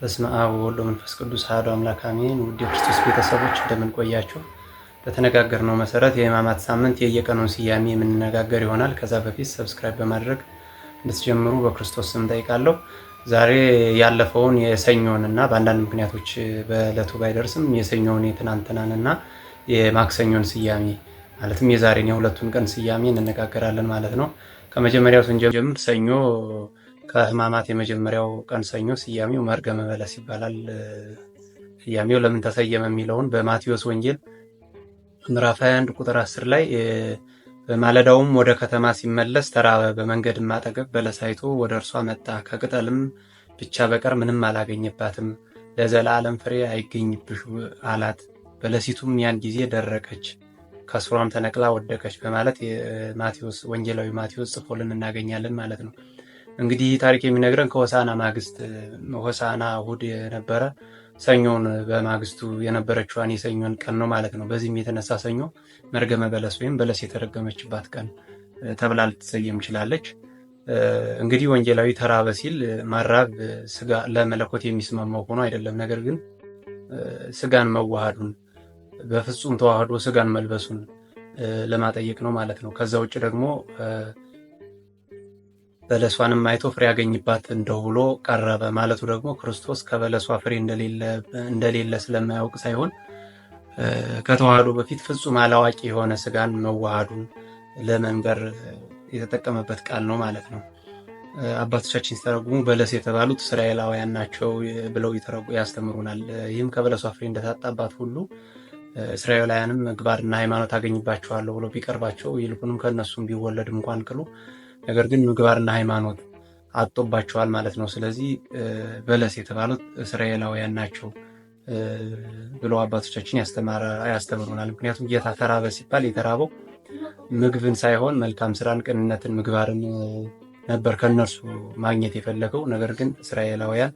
በስመ አብ ወወልድ ወመንፈስ ቅዱስ አሐዱ አምላክ አሜን። ውድ የክርስቶስ ቤተሰቦች እንደምን ቆያችሁ? በተነጋገርነው መሰረት የሕማማት ሳምንት የየቀኑን ስያሜ የምንነጋገር ይሆናል። ከዛ በፊት ሰብስክራይብ በማድረግ እንድትጀምሩ በክርስቶስ ስም ጠይቃለሁ። ዛሬ ያለፈውን የሰኞን እና በአንዳንድ ምክንያቶች በዕለቱ ባይደርስም የሰኞውን የትናንትናን እና የማክሰኞን ስያሜ ማለትም የዛሬን የሁለቱን ቀን ስያሜ እንነጋገራለን ማለት ነው። ከመጀመሪያው ስንጀምር ሰኞ ከህማማት የመጀመሪያው ቀን ሰኞ ስያሜው መርገመ በለስ ይባላል። ስያሜው ለምን ተሰየመ የሚለውን በማቴዎስ ወንጌል ምዕራፍ 21 ቁጥር 10 ላይ በማለዳውም ወደ ከተማ ሲመለስ ተራበ። በመንገድም አጠገብ በለስ አይቶ ወደ እርሷ መጣ። ከቅጠልም ብቻ በቀር ምንም ለዘላ ለዘላለም ፍሬ አይገኝብሽ አላት። በለሲቱም ያን ጊዜ ደረቀች። ከስሯም ተነቅላ ወደቀች በማለት ማቴዎስ ወንጌላዊ ማቴዎስ ጽፎልን እናገኛለን ማለት ነው። እንግዲህ ታሪክ የሚነግረን ከሆሳና ማግስት ሆሳና እሁድ የነበረ ሰኞን በማግስቱ የነበረችዋን የሰኞን ቀን ነው ማለት ነው። በዚህም የተነሳ ሰኞ መርገመ በለስ ወይም በለስ የተረገመችባት ቀን ተብላ ልትሰየም ችላለች። እንግዲህ ወንጌላዊ ተራበ ሲል ማራብ ስጋ ለመለኮት የሚስማማው ሆኖ አይደለም፣ ነገር ግን ስጋን መዋሃዱን በፍጹም ተዋህዶ ስጋን መልበሱን ለማጠየቅ ነው ማለት ነው። ከዛ ውጭ ደግሞ በለሷንም አይቶ ፍሬ ያገኝባት እንደውሎ ቀረበ ማለቱ ደግሞ ክርስቶስ ከበለሷ ፍሬ እንደሌለ ስለማያውቅ ሳይሆን ከተዋህዶ በፊት ፍጹም አላዋቂ የሆነ ስጋን መዋሃዱን ለመንገር የተጠቀመበት ቃል ነው ማለት ነው። አባቶቻችን ሲተረጉሙ በለስ የተባሉት እስራኤላውያን ናቸው ብለው ያስተምሩናል። ይህም ከበለሷ ፍሬ እንደታጣባት ሁሉ እስራኤላውያንም ምግባርና ሃይማኖት አገኝባቸዋለሁ ብሎ ቢቀርባቸው ይልቁንም ከእነሱም ቢወለድ እንኳን ቅሉ ነገር ግን ምግባርና ሃይማኖት አጦባቸዋል ማለት ነው። ስለዚህ በለስ የተባሉት እስራኤላውያን ናቸው ብለው አባቶቻችን ያስተምሩናል። ምክንያቱም ጌታ ተራበ ሲባል የተራበው ምግብን ሳይሆን መልካም ስራን፣ ቅንነትን፣ ምግባርን ነበር ከእነርሱ ማግኘት የፈለገው። ነገር ግን እስራኤላውያን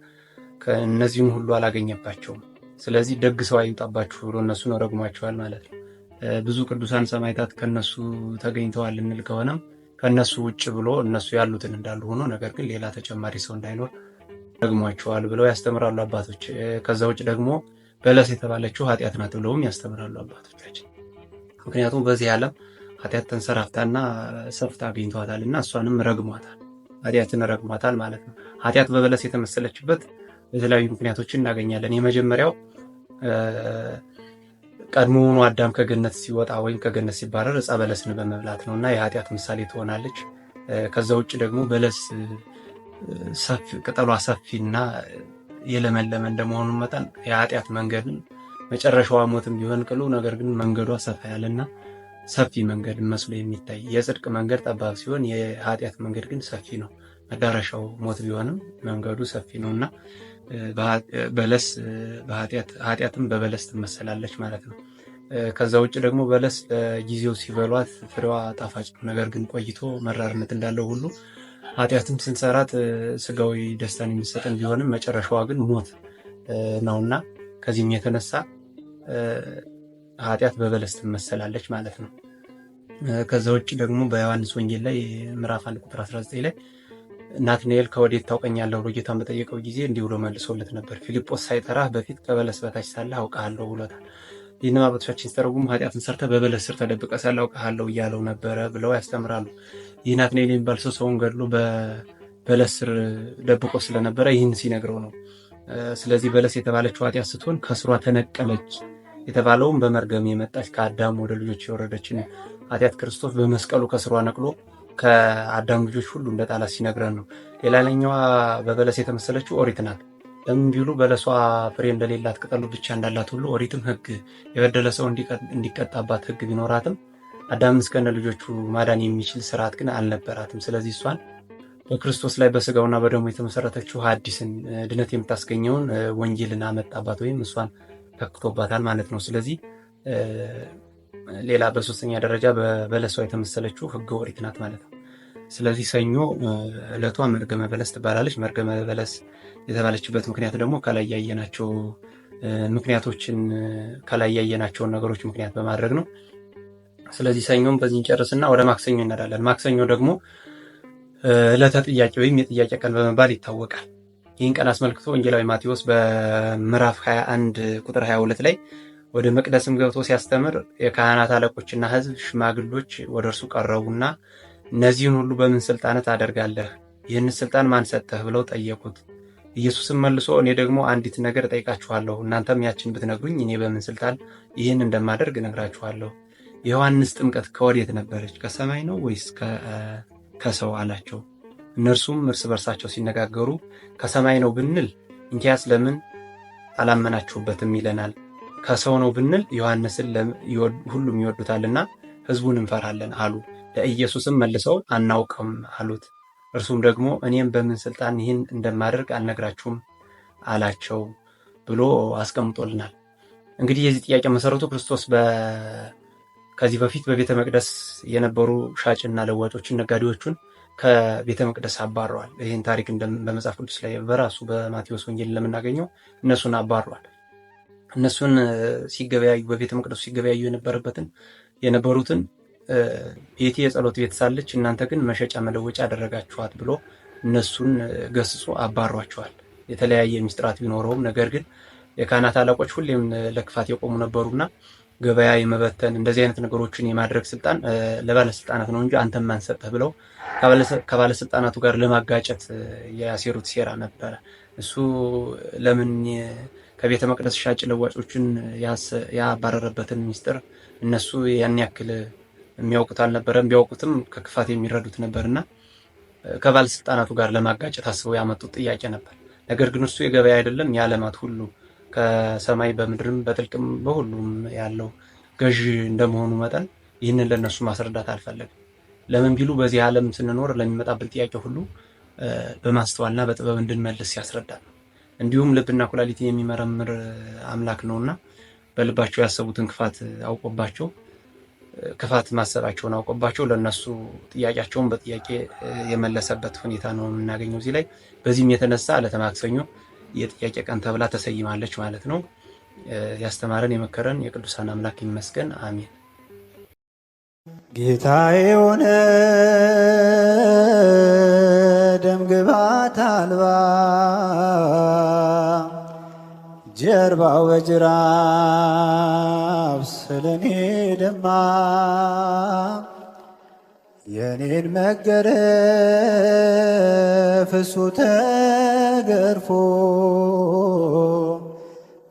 ከእነዚህም ሁሉ አላገኘባቸውም። ስለዚህ ደግ ሰው አይውጣባችሁ ብሎ እነሱን ረግሟቸዋል ማለት ነው። ብዙ ቅዱሳን ሰማይታት ከነሱ ተገኝተዋል እንል ከሆነም ከነሱ ውጭ ብሎ እነሱ ያሉትን እንዳሉ ሆኖ ነገር ግን ሌላ ተጨማሪ ሰው እንዳይኖር ረግሟቸዋል ብለው ያስተምራሉ አባቶች። ከዛ ውጭ ደግሞ በለስ የተባለችው ኃጢአት ናት ብለውም ያስተምራሉ አባቶቻችን። ምክንያቱም በዚህ ዓለም ኃጢአት ተንሰራፍታና ሰፍታ አግኝተዋታል እና እሷንም ረግሟታል፣ ኃጢአትን ረግሟታል ማለት ነው። ኃጢአት በበለስ የተመሰለችበት የተለያዩ ምክንያቶችን እናገኛለን። የመጀመሪያው ቀድሞውኑ አዳም ከገነት ሲወጣ ወይም ከገነት ሲባረር ዕፀ በለስን በመብላት ነው እና የኃጢአት ምሳሌ ትሆናለች። ከዛ ውጭ ደግሞ በለስ ቅጠሏ ሰፊና የለመለመ እንደመሆኑ መጠን የኃጢአት መንገድን መጨረሻዋ ሞትም ቢሆን ቅሉ፣ ነገር ግን መንገዷ ሰፋ ያለና ሰፊ መንገድ መስሎ የሚታይ የጽድቅ መንገድ ጠባብ ሲሆን፣ የኃጢአት መንገድ ግን ሰፊ ነው። መዳረሻው ሞት ቢሆንም መንገዱ ሰፊ ነው እና በለስ ኃጢአትም በበለስ ትመሰላለች ማለት ነው። ከዛ ውጭ ደግሞ በለስ ጊዜው ሲበሏት ፍሬዋ ጣፋጭ ነው። ነገር ግን ቆይቶ መራርነት እንዳለው ሁሉ ኃጢአትም ስንሰራት ስጋዊ ደስታን የሚሰጠን ቢሆንም መጨረሻዋ ግን ሞት ነውና ከዚህም የተነሳ ኃጢአት በበለስ ትመሰላለች ማለት ነው። ከዛ ውጭ ደግሞ በዮሐንስ ወንጌል ላይ ምዕራፍ አንድ ቁጥር 19 ላይ ናትናኤል ከወዴት ታውቀኛለህ ብሎ ጌታን በጠየቀው ጊዜ እንዲህ ብሎ መልሶለት ነበር፣ ፊልጶስ ሳይጠራህ በፊት ከበለስ በታች ሳለህ አውቃለሁ ብሎታል። ይህን አባቶቻችን ሲተረጉም ኃጢአትን ሰርተህ በበለስ ስር ተደብቀ ሳለህ አውቃለሁ እያለው ነበረ ብለው ያስተምራሉ። ይህ ናትናኤል የሚባል ሰው ሰውን ገድሎ በበለስ ስር ደብቆ ስለነበረ ይህን ሲነግረው ነው። ስለዚህ በለስ የተባለችው ኃጢአት ስትሆን ከስሯ ተነቀለች የተባለውም በመርገም የመጣች ከአዳም ወደ ልጆች የወረደችን ኃጢአት ክርስቶስ በመስቀሉ ከስሯ ነቅሎ ከአዳም ልጆች ሁሉ እንደ ጣላ ሲነግረን ነው። ሌላኛዋ በበለስ የተመሰለችው ኦሪት ናት። ለምን ቢሉ በለሷ ፍሬ እንደሌላት ቅጠሉ ብቻ እንዳላት ሁሉ ኦሪትም ሕግ የበደለ ሰው እንዲቀጣባት ሕግ ቢኖራትም አዳም እስከነ ልጆቹ ማዳን የሚችል ስርዓት ግን አልነበራትም። ስለዚህ እሷን በክርስቶስ ላይ በስጋውና በደሙ የተመሰረተችው አዲስን ድነት የምታስገኘውን ወንጌልን አመጣባት ወይም እሷን ተክቶባታል ማለት ነው። ስለዚህ ሌላ በሶስተኛ ደረጃ በበለሷ የተመሰለችው ህገ ወሪት ናት ማለት ነው። ስለዚህ ሰኞ እለቷ መርገመ በለስ ትባላለች። መርገመ በለስ የተባለችበት ምክንያት ደግሞ ከላይ ያየናቸው ምክንያቶችን ከላይ ያየናቸውን ነገሮች ምክንያት በማድረግ ነው። ስለዚህ ሰኞም በዚህ እንጨርስና ወደ ማክሰኞ እንሄዳለን። ማክሰኞ ደግሞ ለተጥያቄ ጥያቄ ወይም የጥያቄ ቀን በመባል ይታወቃል። ይህን ቀን አስመልክቶ ወንጌላዊ ማቴዎስ በምዕራፍ 21 ቁጥር 22 ላይ ወደ መቅደስም ገብቶ ሲያስተምር የካህናት አለቆችና ሕዝብ ሽማግሎች ወደ እርሱ ቀረቡና እነዚህን ሁሉ በምን ስልጣን ታደርጋለህ? ይህን ስልጣን ማን ሰጠህ? ብለው ጠየቁት። ኢየሱስም መልሶ እኔ ደግሞ አንዲት ነገር ጠይቃችኋለሁ፣ እናንተም ያችን ብትነግሩኝ እኔ በምን ስልጣን ይህን እንደማደርግ እነግራችኋለሁ። የዮሐንስ ጥምቀት ከወዴት ነበረች? ከሰማይ ነው ወይስ ከሰው አላቸው። እነርሱም እርስ በርሳቸው ሲነጋገሩ ከሰማይ ነው ብንል እንኪያስ ለምን አላመናችሁበትም ይለናል ከሰው ነው ብንል ዮሐንስን ሁሉም ይወዱታልና ህዝቡን እንፈራለን አሉ። ለኢየሱስም መልሰው አናውቅም አሉት። እርሱም ደግሞ እኔም በምን ስልጣን ይህን እንደማደርግ አልነግራችሁም አላቸው ብሎ አስቀምጦልናል። እንግዲህ የዚህ ጥያቄ መሰረቱ ክርስቶስ ከዚህ በፊት በቤተ መቅደስ የነበሩ ሻጭና ለዋጮችን ነጋዴዎቹን ከቤተ መቅደስ አባረዋል። ይህን ታሪክ በመጽሐፍ ቅዱስ ላይ በራሱ በማቴዎስ ወንጌል ለምናገኘው እነሱን አባረዋል። እነሱን ሲገበያዩ በቤተ መቅደሱ ሲገበያዩ የነበረበትን የነበሩትን ቤቴ የጸሎት ቤት ሳለች እናንተ ግን መሸጫ መለወጫ አደረጋችኋት ብሎ እነሱን ገስጾ አባሯቸዋል። የተለያየ ሚስጥራት ቢኖረውም ነገር ግን የካህናት አለቆች ሁሌም ለክፋት የቆሙ ነበሩና ገበያ የመበተን እንደዚህ አይነት ነገሮችን የማድረግ ስልጣን ለባለስልጣናት ነው እንጂ አንተም ማንሰጠህ ብለው ከባለስልጣናቱ ጋር ለማጋጨት ያሴሩት ሴራ ነበረ። እሱ ለምን ከቤተ መቅደስ ሻጭ ለዋጮችን ያባረረበትን ሚስጥር እነሱ ያን ያክል የሚያውቁት አልነበረም። ቢያውቁትም ከክፋት የሚረዱት ነበርና ከባለስልጣናቱ ጋር ለማጋጨት አስበው ያመጡት ጥያቄ ነበር። ነገር ግን እሱ የገበያ አይደለም የዓለማት ሁሉ ከሰማይ በምድርም በጥልቅም በሁሉም ያለው ገዢ እንደመሆኑ መጠን ይህንን ለእነሱ ማስረዳት አልፈለግም። ለምን ቢሉ በዚህ ዓለም ስንኖር ለሚመጣብን ጥያቄ ሁሉ በማስተዋልና በጥበብ እንድንመልስ ያስረዳል። እንዲሁም ልብና ኩላሊት የሚመረምር አምላክ ነውና በልባቸው ያሰቡትን ክፋት አውቆባቸው ክፋት ማሰባቸውን አውቆባቸው ለእነሱ ጥያቄያቸውን በጥያቄ የመለሰበት ሁኔታ ነው የምናገኘው እዚህ ላይ። በዚህም የተነሳ ለተማክሰኞ የጥያቄ ቀን ተብላ ተሰይማለች ማለት ነው። ያስተማረን የመከረን የቅዱሳን አምላክ ይመስገን፣ አሜን። ጌታ የሆነ ደምግባት አልባ ጀርባው በጅራፍ ስለኔ ደማ የኔን መገረፍ እሱ ተገርፎ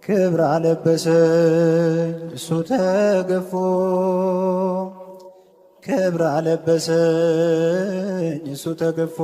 ክብር አለበሰኝ እሱ ተገፎ ክብር አለበሰኝ እሱ ተገፎ